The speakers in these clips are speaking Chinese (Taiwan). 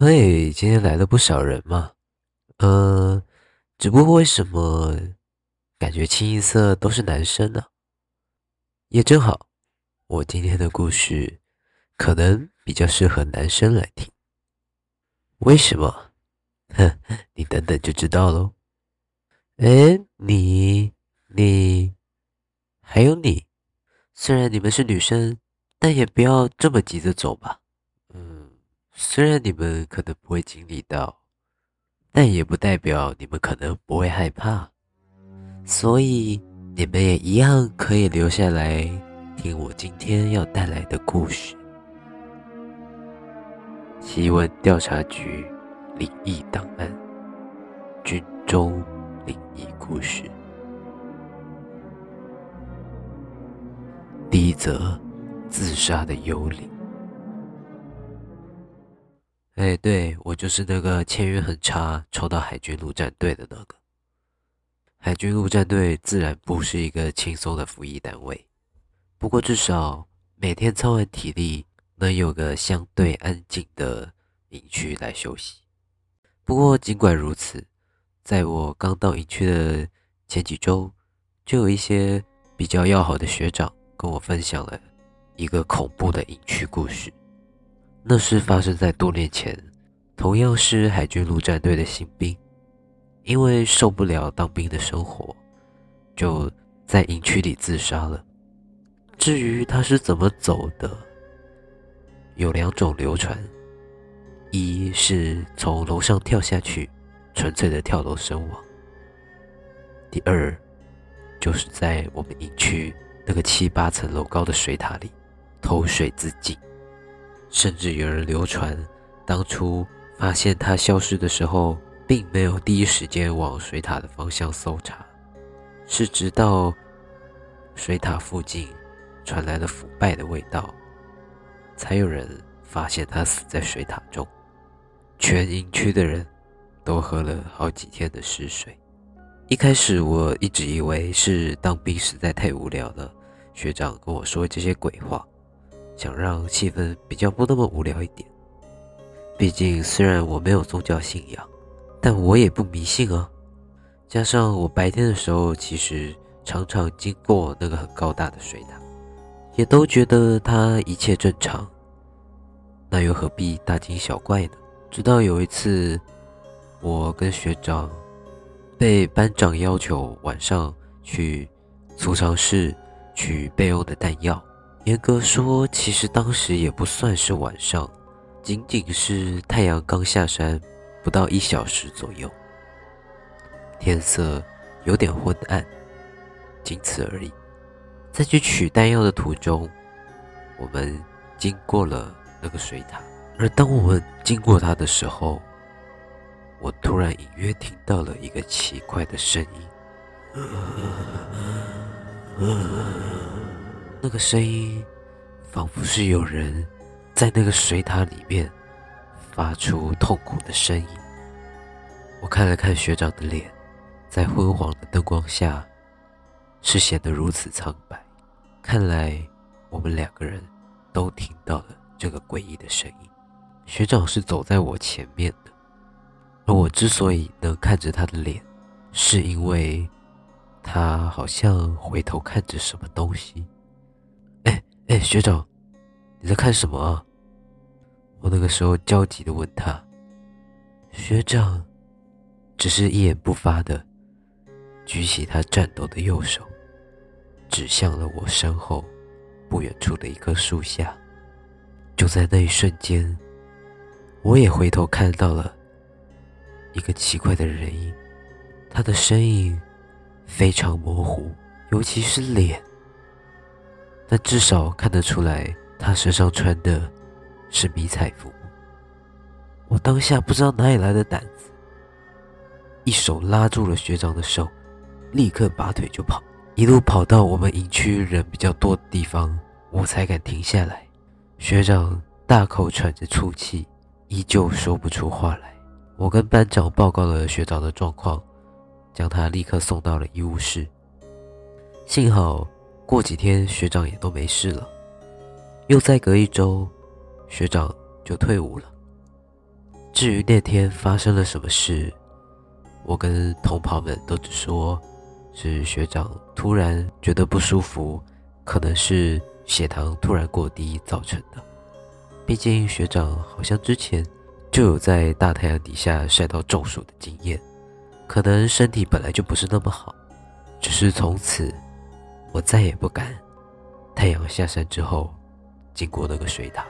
嘿，今天來了不少人嘛，呃，只不過為什麼感覺清一色都是男生呢？啊，也正好，我今天的故事可能比較適合男生來聽。為什麼？哼，你等等就知道嘍。哎，你、你，還有你，雖然你們是女生，但也不要這麼急着走吧。雖然你們可能不會經歷到，但也不代表你們可能不會害怕，所以你們也一樣可以留下來聽我今天要帶來的故事。新聞調查局靈異檔案：軍中靈異故事。第一則，自殺的幽靈。哎，對，我就是那個籤運很差，抽到海軍陸戰隊的那個。海軍陸戰隊自然不是一個輕鬆的服役單位，不過至少每天操完體力，能有個相對安靜的營區來休息。不過儘管如此，在我剛到營區的前幾週，就有一些比較要好的學長跟我分享了一個恐怖的營區故事。那是發生在多年前，同樣是海軍陸戰隊的新兵，因為受不了當兵的生活，就在營區裡自殺了。至於他是怎麼走的？有兩種流傳：一是從樓上跳下去，純粹的跳樓身亡；第二，就是在我們營區那個七八層樓高的水塔裡，投水自盡。甚至有人流傳，當初發現他消失的時候，並沒有第一時間往水塔的方向搜查，是直到水塔附近傳來了腐敗的味道，才有人發現他死在水塔中。全營區的人都喝了好幾天的屍水。一開始我一直以為是當兵實在太無聊了，學長跟我說這些鬼話。想讓氣氛比較不那麼無聊一點。畢竟，雖然我沒有宗教信仰，但我也不迷信啊。加上我白天的時候，其實常常經過那個很高大的水塔，也都覺得它一切正常。那又何必大驚小怪呢？直到有一次，我跟學長被班長要求晚上去儲藏室取備用的彈藥。嚴格說，其實當時也不算是晚上，僅僅是太陽剛下山，不到一小時左右，天色有點昏暗，僅此而已。在去取彈藥的途中，我們經過了那個水塔，而當我們經過它的時候，我突然隱約聽到了一個奇怪的聲音。 那個聲音，仿佛是有人在那個水塔裡面發出痛苦的聲音。我看了看學長的臉，在昏黃的燈光下，是顯得如此蒼白。看來我們兩個人都聽到了這個詭異的聲音。學長是走在我前面的，而我之所以能看着他的臉，是因為他好像回頭看着什麼東西。哎、欸，學長，你在看什麼啊？我那個時候焦急的問他，學長只是一言不發的舉起他顫抖的右手，指向了我身後不遠處的一棵樹下。就在那一瞬間，我也回頭看到了一個奇怪的人影，他的身影非常模糊，尤其是臉。但至少看得出來，他身上穿的是迷彩服。我當下不知道哪裡來的膽子，一手拉住了學長的手，立刻拔腿就跑，一路跑到我們營區人比較多的地方，我才敢停下來。學長大口喘着粗氣，依舊說不出話來。我跟班長報告了學長的狀況，將他立刻送到了醫務室。幸好。過幾天，學長也都沒事了。又再隔一周，學長就退伍了。至於那天發生了什麼事，我跟同袍們都只說是學長突然覺得不舒服，可能是血糖突然過低造成的。畢竟學長好像之前就有在大太陽底下曬到中暑的經驗，可能身體本來就不是那麼好，只是從此，我再也不敢，太陽下山之後，經過那個水塔。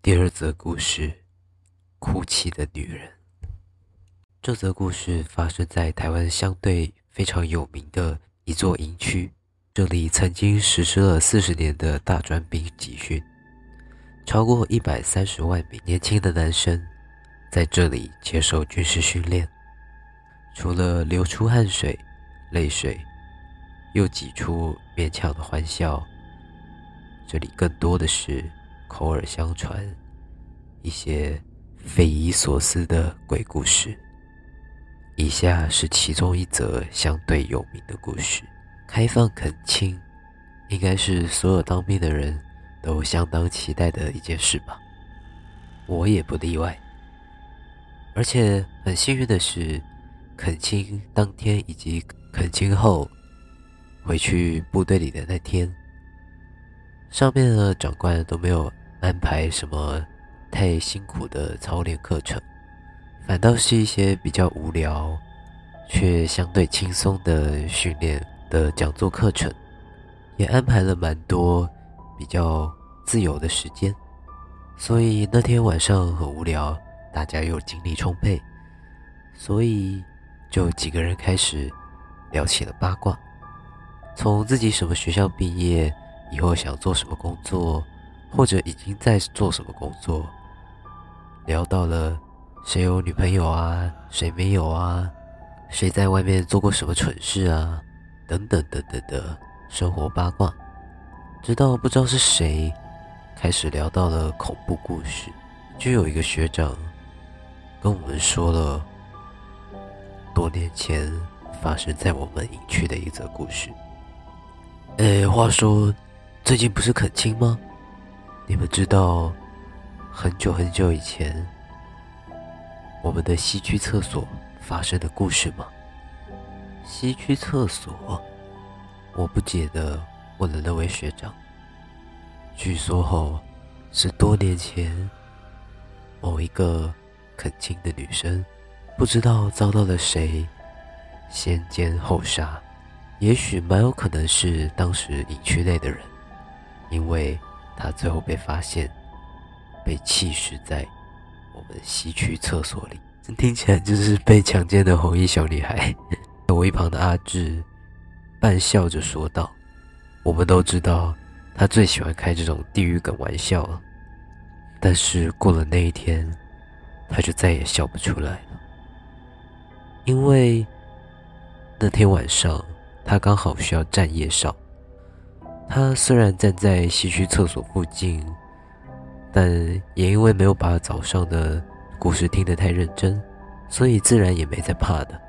第二則故事：哭泣的女人。這則故事發生在台灣相對非常有名的一座營區，這裡曾經實施了四十年的大專兵集訓，超過一百三十萬名年輕的男生在這裡接受軍事訓練。除了流出汗水、淚水，又擠出勉強的歡笑，這裡更多的是口耳相傳，一些匪夷所思的鬼故事。以下是其中一則相對有名的故事：開放懇親，應該是所有當兵的人都相當期待的一件事吧。我也不例外。而且很幸運的是。懇親當天以及懇親後回去部隊裡的那天，上面的長官都沒有安排什麼太辛苦的操練課程，反倒是一些比較無聊卻相對輕鬆的訓練的講座課程，也安排了蠻多比較自由的時間，所以那天晚上很無聊，大家又精力充沛，所以。就幾個人開始聊起了八卦，從自己什麼學校畢業，以後想做什麼工作，或者已經在做什麼工作，聊到了誰有女朋友啊，誰沒有啊，誰在外面做過什麼蠢事啊，等等等等的生活八卦，直到不知道是誰開始聊到了恐怖故事，就有一個學長跟我們說了。多年前發生在我們營區的一則故事。誒，話說，最近不是懇親嗎？你們知道很久很久以前我們的西區廁所發生的故事嗎？西區廁所？我不解的問了那位學長。據說後是多年前某一個懇親的女生。不知道遭到了誰先奸後殺，也許蠻有可能是當時營區內的人，因為他最後被發現，被棄屍在我們西區廁所裡。這聽起來就是被強奸的紅衣小女孩。 我一旁的阿志半笑着說道：“我們都知道他最喜歡開這種地獄梗玩笑了，但是過了那一天，他就再也笑不出來了。”因為那天晚上，他剛好需要站夜哨。他雖然站在西區廁所附近，但也因為沒有把早上的故事聽得太認真，所以自然也沒在怕的。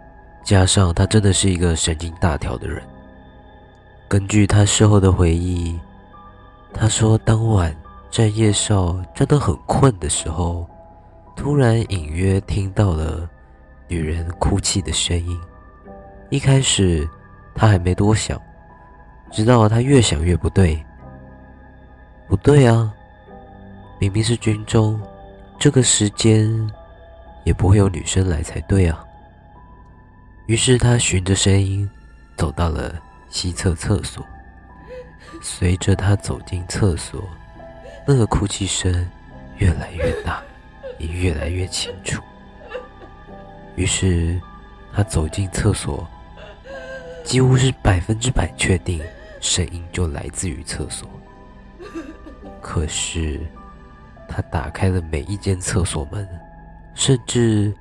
加上他真的是一個神經大條的人。根據他事後的回憶，他說當晚站夜哨真的很困的時候，突然隱約聽到了。女人哭泣的聲音。一開始，他還沒多想，直到他越想越不對。不對啊，明明是軍中，這個時間，也不會有女生來才對啊。於是他循着聲音，走到了西側廁所。隨着他走進廁所，那個哭泣聲，越來越大，也越來越清楚。於是，他走進廁所，幾乎是百分之百確定，聲音就來自於廁所。可是，他打開了每一間廁所門，甚至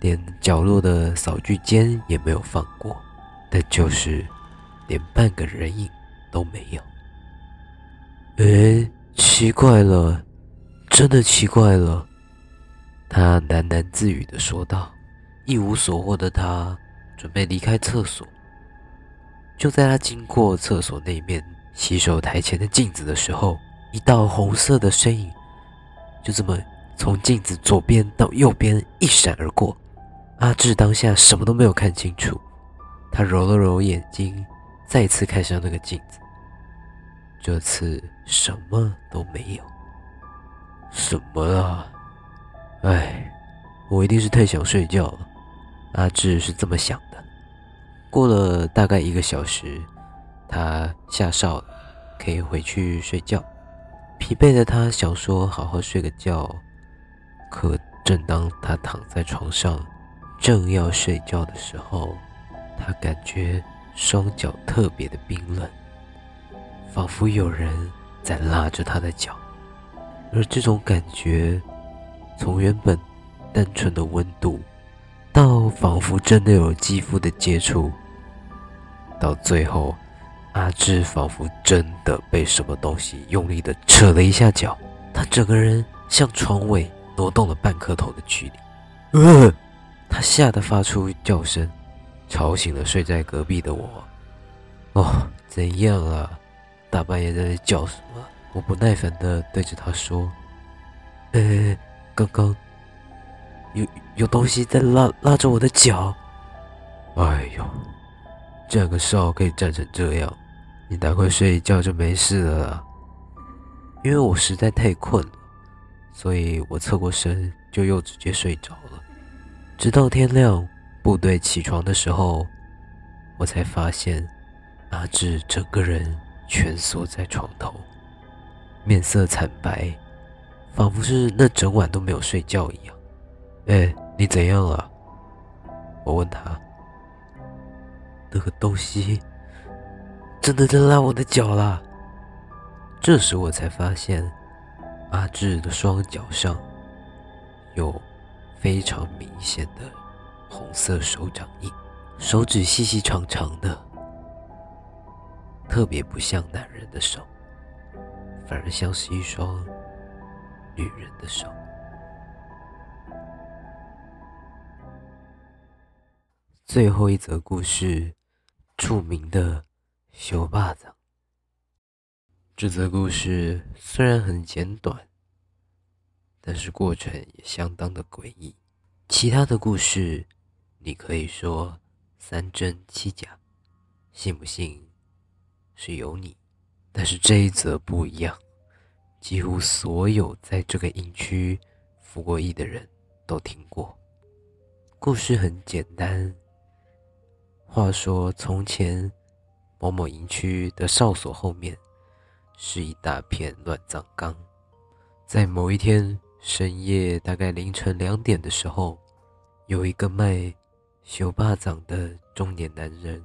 連角落的掃具間也沒有放過，但就是連半個人影都沒有。誒，奇怪了，真的奇怪了，他喃喃自語地說道。一無所獲的他，準備離開廁所。就在他經過廁所那面洗手台前的鏡子的時候，一道紅色的身影，就這麼從鏡子左邊到右邊一閃而過。阿志當下什麼都沒有看清楚，他揉了揉眼睛，再次看向那個鏡子。這次什麼都沒有。什麼啊？哎，我一定是太想睡覺了。阿志是這麼想的。過了大概一個小時，他下哨了，可以回去睡覺。疲憊的他想說好好睡個覺，可正當他躺在床上，正要睡覺的時候，他感覺雙腳特別的冰冷，仿佛有人在拉着他的腳，而這種感覺，從原本單純的溫度。到仿佛真的有肌膚的接觸，到最後，阿志仿佛真的被什麼東西用力的扯了一下腳，他整個人向床尾挪動了半顆頭的距離。呃，他嚇得發出叫聲，吵醒了睡在隔壁的我。哦，怎樣啊？大半夜在那叫什麼？我不耐煩的對着他說：“呃、欸，欸，剛剛。”有有東西在拉拉着我的腳，哎呦！站個哨可以站成這樣，你趕快睡一覺就沒事了。因為我實在太困了，所以我側過身就又直接睡着了。直到天亮，部隊起床的時候，我才發現阿志整個人蜷縮在床頭，面色慘白，仿佛是那整晚都沒有睡覺一樣。哎、欸，你怎樣了，啊？我問他：“那個東西真的在拉我的腳了。”這時我才發現，阿志的雙腳上有非常明顯的紅色手掌印，手指細細長長的，特別不像男人的手，反而像是一雙女人的手。最後一則故事，著名的“修霸掌”。這則故事雖然很簡短，但是過程也相當的詭異。其他的故事，你可以說三真七假，信不信，是由你。但是這一則不一樣，幾乎所有在這個營區服過役的人都聽過。故事很簡單。話說從前，某某營區的哨所後面是一大片亂葬崗。在某一天深夜，大概凌晨兩點的時候，有一個賣小巴掌的中年男人，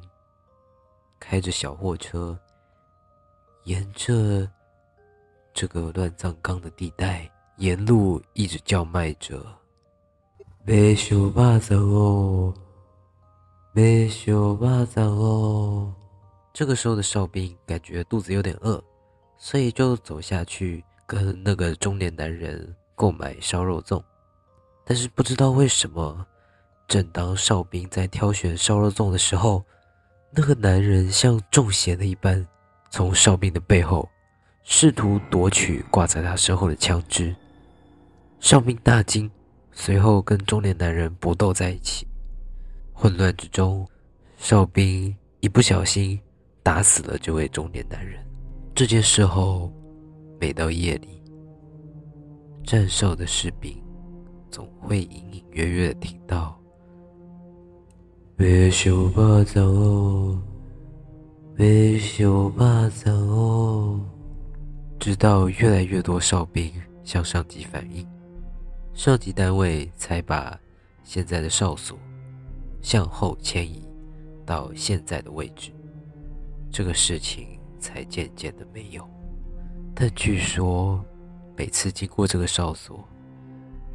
開着小貨車，沿着這個亂葬崗的地帶，沿路一直叫賣着：“賣小巴掌哦。”沒收巴掌哦！這個時候的哨兵感覺肚子有點餓，所以就走下去跟那個中年男人購買燒肉粽。但是不知道為什麼，正當哨兵在挑選燒肉粽的時候，那個男人像中邪了一般，從哨兵的背後試圖奪取掛在他身後的槍支。哨兵大驚，隨後跟中年男人搏鬥在一起。混亂之中，哨兵一不小心打死了這位中年男人。這件事後，每到夜裡，站哨的士兵總會隱隱約約的聽到“別走吧，走哦，別走吧，走哦”，直到越來越多哨兵向上級反映，上級單位才把現在的哨所。向後遷移到現在的位置，這個事情才漸漸的沒有。但據說每次經過這個哨所，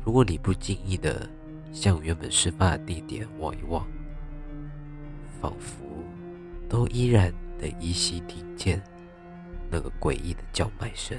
如果你不經意的向原本事發的地點望一望，仿佛都依然能依稀聽見那個詭異的叫賣聲。